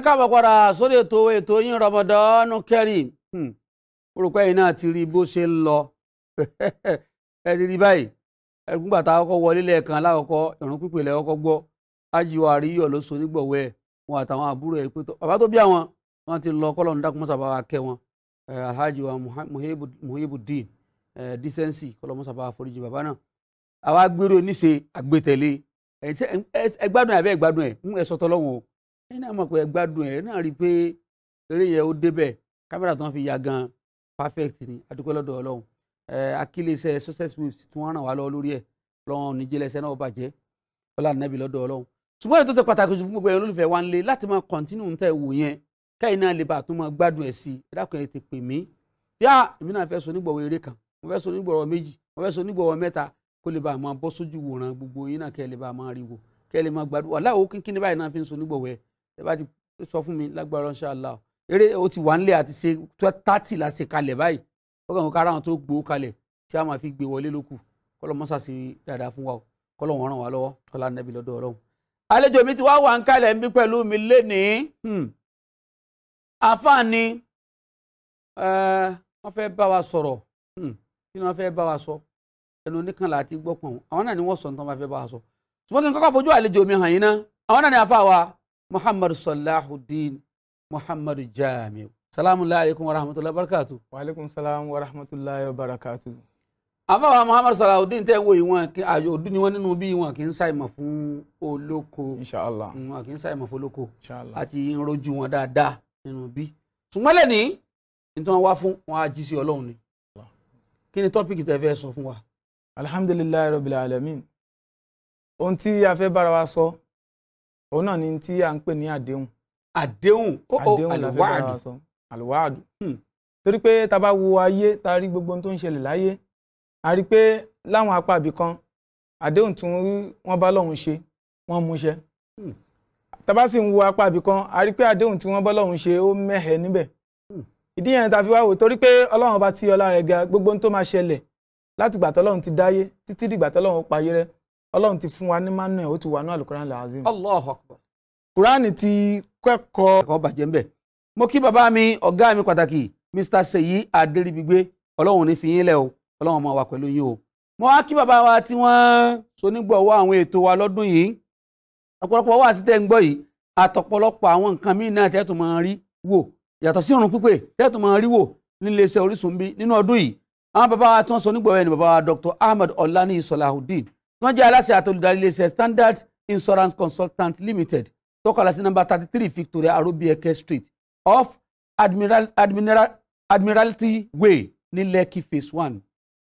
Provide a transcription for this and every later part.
ẹ káàbọ̀ padà sórí ètò ètò yín Ramadan Kareem hmm. orúkọ yìí náà ti rí bó ṣe ń lọ ẹ ti rí báyìí ẹgbùngbà tá a kọ́kọ́ wọlé lẹ́ẹ̀kan lákọ̀ọ́kọ́ ìrun pípé lẹ́ẹ̀kọ́kọ́ gbọ́ ájíwá àríyọ̀ ló so nígbọ̀wọ́ ẹ̀ wọn àtàwọn àbúrò ẹ̀ pé bàbá tó bí àwọn wọn ti lọ kọ́lọ̀ ní dákúmọ́sà bá wa kẹ́ wọn alhaji wa muhibudin decency kọ́lọ̀ mọ́sà bá wa foríjì bàbá náà àwa gbèrò níṣe àgbètẹ̀lé ẹ gbádùn àbẹ́ ẹ gbádùn ẹ ń ẹ sọtọ́ lọ́wọ́ o ẹ̀yin náà mọ̀ pé ẹ gbádùn ẹ̀ náà rí i pé eré yẹn ó débẹ̀ kámẹ́rà tó ń fi ya gan perfect ni adúpẹ́ lọ́dọ̀ ọlọ́run akílẹ̀ṣẹ́ success waves tí wọ́n ràn wá lọ́wọ́ lórí ẹ̀ lọ́wọ́n níjẹ́lẹ́sẹ̀ náà bàjẹ́ ọlá nàbì lọ́dọ̀ ọlọ́run ṣùgbọ́n ètò ṣe pàtàkì ju gbogbo ẹ̀yọ́ olólùfẹ́ wa ń lé láti máa kọ̀ntínú ń tẹ̀ wò yẹn kẹ́yìn náà lè bá àtún máa gbádùn ẹ̀ sí i dákun ẹ̀ ti pè mí yá èmi náà fẹ́ so onígbọ̀wọ́ eré kan mo fẹ́ so onígbọ̀wọ́ méjì mo fẹ́ so onígbọ̀wọ́ mẹ́ta kó lè bá máa bọ́ sójú wòran gbogbo yín náà kẹ́ lè bá máa rí wò kẹ́ lè máa gbádùn wàhálà òkínkín ní báyìí náà fi ń so onígbọ̀wọ́ ẹ̀ ẹ bá ti sọ fún mi lágbára insha Allah eré o ti wà nílẹ̀ àti ṣe tààtì la ṣe kalẹ̀ báyìí ọkàn kan kára àwọn tó gbowó kalẹ̀ tí a máa fi gbé wọlé lókù kọlọ mọ́sà sí dáadáa fún wa o kọlọ wọn ràn wá lọ́wọ́ kọlá nẹ́bí lọ́dọ̀ ọlọ́run. àlejò mi ti wá wà ń kalẹ̀ ń bí pẹ̀lú mi lénìí hmm. àfààní eh, wọ́n fẹ́ bá wa sọ̀rọ̀ hmm. kí ni wọ́n fẹ́ bá wa sọ ẹnu oníkànlá àti gbọ́pọ̀n àwọn náà ni wọ́n sọ ní tí wọ́n bá fẹ́ bá wa sọ ṣùgbọ́n kí n kọ́kọ́ fojú àlejò mi hàn yín ná àwọn náà ni àfa wa muhammadu salahuddin muhammadu jamiu salamu alaykum wa rahmatulahi wa barakatu. wa aleykum salaam wa rahmatulahi wa barakatu. àfàwọn muhammadu salahuddin tẹ́ ń wo ìwọ̀n àjò òdú ni wọ́n nínú bí wọn kì í ṣàìmọ̀ fún olóko inṣàlá hmm, wọn kì í ṣàìmọ̀ fún olóko inṣàlá àti ìrojú wọn dáadáa nínú bí. ṣùgbọ́n lẹ́ni nítorí wọn wá fún wọn á jí sí ọlọ́run ni kí ni tọ́pìkì tẹ́ fẹ́ sọ fún wa. alhamdulilayi rabbil alamin ohun tí a fẹ́ bára wa sọ. So òun náà ni tí à ń pè ní àdéhùn. àdéhùn ó ó àlùwáàdù. àlùwáàdù. torí pé tá a bá wo ayé tá a rí gbogbo ohun tó ń ṣẹlẹ̀ láyé a rí pé láwọn apá ibì kan àdéhùn tí wọ́n bá lọ́hùn ṣe wọ́n mú ṣẹ. Hmm. tá a bá sì ń wo apá ibì kan a rí pé àdéhùn tí wọ́n bá lọ́hùn ṣe ó mẹ́hẹ̀ níbẹ̀. Hmm. ìdí yẹn tá fi wá wò torí pé ọlọ́run bá ti ọlá rẹ̀ ga gbogbo ohun tó máa ṣẹlẹ̀ látìgbà tọ́lọ́run ti dáyé títí dìgbà tọ́lọ́run ó payé rẹ́ ọlọ́run ti fún wa ní manuel ó ti wà ní alukoran lazim. Allahu Akbar. kuraani ti kẹ́kọ̀ọ́. ẹ̀kọ́ bàjẹ́ ń bẹ̀. mo kí bàbá mi ọ̀gá mi pàtàkì Mr. Seyi Adéríbigbé ọlọ́run ní fi yín lẹ̀ o ọlọ́run máa wà pẹ̀lú yín o. mo wá kí bàbá wa tí wọ́n sonígbọ̀wọ́ àwọn ètò wa lọ́dún yìí ọ̀pọ̀lọpọ̀ wà sí tẹ́ yìí àtọ̀pọ̀lọpọ̀ àwọn nǹkan míì náà tẹ́tù máa rí wò yàtọ̀ sí irun pípé tẹ́tù máa rí wò níléeṣẹ́ Orísun bí nínú ọdún yìí àwọn bàbá wa tí wọ́n sonígbọ̀wọ́ ẹni bàbá wa Dr. Ahmed Ọ̀lànìyí Sọ̀làhùdíìn tí wọ́n jẹ́ aláṣẹ àtolùdarí iléeṣẹ́ Standard Insurance Consultant Limited tọ́kọ̀lá sí nọ́mbà thirty three Victoria Arobieke Street off Admiral, Admiral, Admiralty Way ní Lekki phase one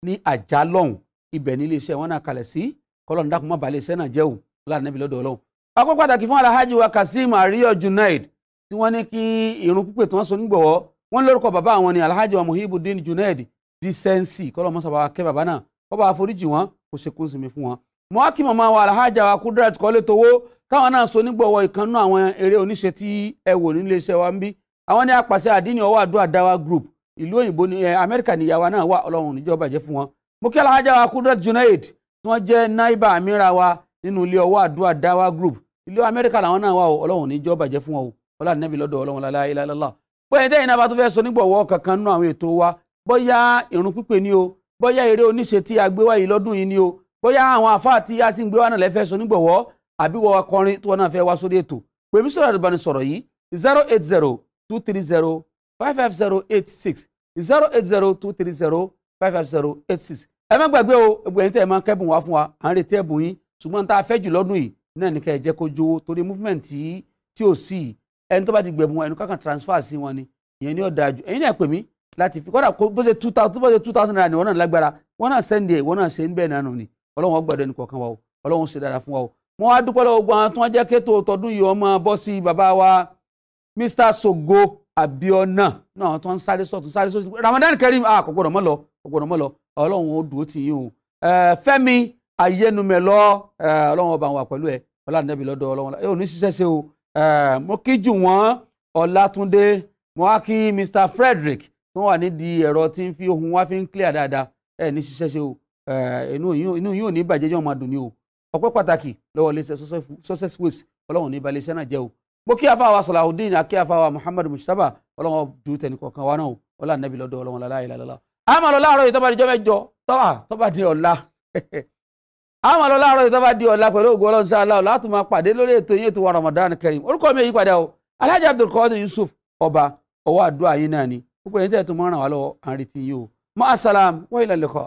ní àjálọ̀hún ibẹ̀ ní iléeṣẹ́ wọn náà kalẹ̀ sí kọ́lọ́ọ̀nù dákun má bà iléeṣẹ́ náà jẹ́ o láti nẹ́bi lọ́dọ̀ Ọlọ́run. akọ́ pàtàkì fún Alhaji wa Kazeem Ariyo Junaid tí wọ́n ní kí irun pípé tí wọ́n so nígbọ̀wọ́ wọ́n lórúkọ bàbá àwọn ni Alhaji wa Muhibudin Junaid dísẹ́ǹsì kọ́lọ́ọ̀mọ́sàbà kẹ́ bàbá náà kọ́ bá foríjì wọn kó ṣe kó sinmi fún wọn. mọ́ọ́kì màmá wa alhaja wa Kudirat Kọ́lé Towó táwọn náà so nígbọ̀wọ́ ìkànnú àwọn eré oníṣe tí ẹ wò nílé iṣẹ́ wa ń bí àwọn ní apàṣẹ àdínní ọwọ́ àdúrà dáwà group ìlú òyìnbó ní Amẹ́ríkà níyàwó náà wà ọlọ́run níjọba jẹ́ fún wọn. mo kí alhaja wa Kudirat Junaid tí wọ́n jẹ́ naiba amira wa nínú ilé ọwọ́ àdúrà dáwà group ìlú Amẹ́ríkà làwọn náà wà ọlọ́run níjọba jẹ́ fún wọn o ọlá nẹ́bí lọ́dọ̀ ọlọ́run lálẹ́ ilá lọ́lá. pé ẹ̀dẹ́yìn náà bá tún fẹ́ sọ nígbọ̀wọ́ kankan nínú àwọn bóyá eré oníṣe tí a gbé wáyé lọ́dún yìí ni o bóyá àwọn àfáà tí a sì ń gbé wá náà lẹ́fẹ́ sọ nígbọ̀wọ́ àbí wọ́n akọrin tí wọ́n náà fẹ́ wá sórí ètò pèmí sọ̀rọ̀ àdìbánisọ̀rọ̀ yìí zero eight zero two three zero five five zero eight six zero eight zero two three zero five five zero eight six ẹ má gbàgbé o egbò ẹ̀yin tẹ́ ẹ máa kẹ́bùn wá fún wa à ń retí ẹ̀bùn yín ṣùgbọ́n tá a fẹ́ jù lọ́dún yìí náà ní ká ẹ jẹ́ kó jówó torí movement tí ò sí ẹni tó bá ti gbẹ̀bùn ẹnu kákan transfer sí wọn ni ìyẹn ní ọ̀dà jù ẹ̀yin náà pè mí láti fi kọ́dà bó ṣe two thousand bó ṣe two thousand naira ni wọ́n náà lágbára wọ́n náà sẹ́ndì e, ẹ̀ wọ́n náà ṣe ń bẹ́ẹ̀ náà nù ni ọlọ́run gbọ́dọ̀ ẹnì kọ̀ọ̀kan wa o ọlọ́run ṣe dára fún wa o mo wá dúpẹ́ lọ́wọ́ gbọ́n tí wọ́n jẹ́ kéto tọdún yìí ọmọ bọ́ bàbá wa Mr Sogo Abiona náà tó ń sáré sọ̀tún sáré sọ̀tún Ramadan Kareem ah kò gbọ́dọ̀ mọ́ lọ kò gbọ́dọ̀ mọ́ lọ ọlọ́run ó dúró tì yín o Fẹ́mi Ayénumẹ́lọ ọlọ́run ọba wa pẹ̀lú ẹ ọlànàbí lọ́dọ̀ ọlọ́run ẹ ò ní ṣiṣẹ́ ṣe o mo kí jù wọ́n Ọlátúndé mo Mr Frederick tó wà nídìí ẹ̀rọ tí ń fi ohun wá fi ń clear dáadáa ẹ̀ ní ṣiṣẹ́ ṣe o inú yóò ní bàjẹ́ jẹ́ ọmọ àdùnní o ọpẹ́ pàtàkì lọ́wọ́ iléeṣẹ́ success waves ọlọ́run ní balẹ̀ iṣẹ́ náà jẹ́ o mo kí afáwa salahudeen akí afáwa muhammadu mustapha ọlọ́run ju tẹnìkọ̀ọ̀kan wa náà o ọlá nàbí lọ́dọ̀ ọlọ́run lálá ìlàlọ́lá àmọ́ lọ láàárọ̀ yìí tọ́ba di jọ́mẹ́jọ tọ́ba tọ́ba di ọ̀la àmọ́ lọ láàárọ̀ yìí tọ́ba di ọ̀la pẹ̀lú ògùn ọlọ́run sáà láò láti máa pàdé lórí ètò yìí ètò wa Ramadan Kareem orúkọ mi yìí padà o alhaji abdulkadir yusuf ọba ọwọ́ àdúrà yìí náà ni gbogbo ẹ̀yin tẹ̀ tó mọ́ ràn wá lọ́wọ́ à ń o mọ́ asalaam wa ilal liqa.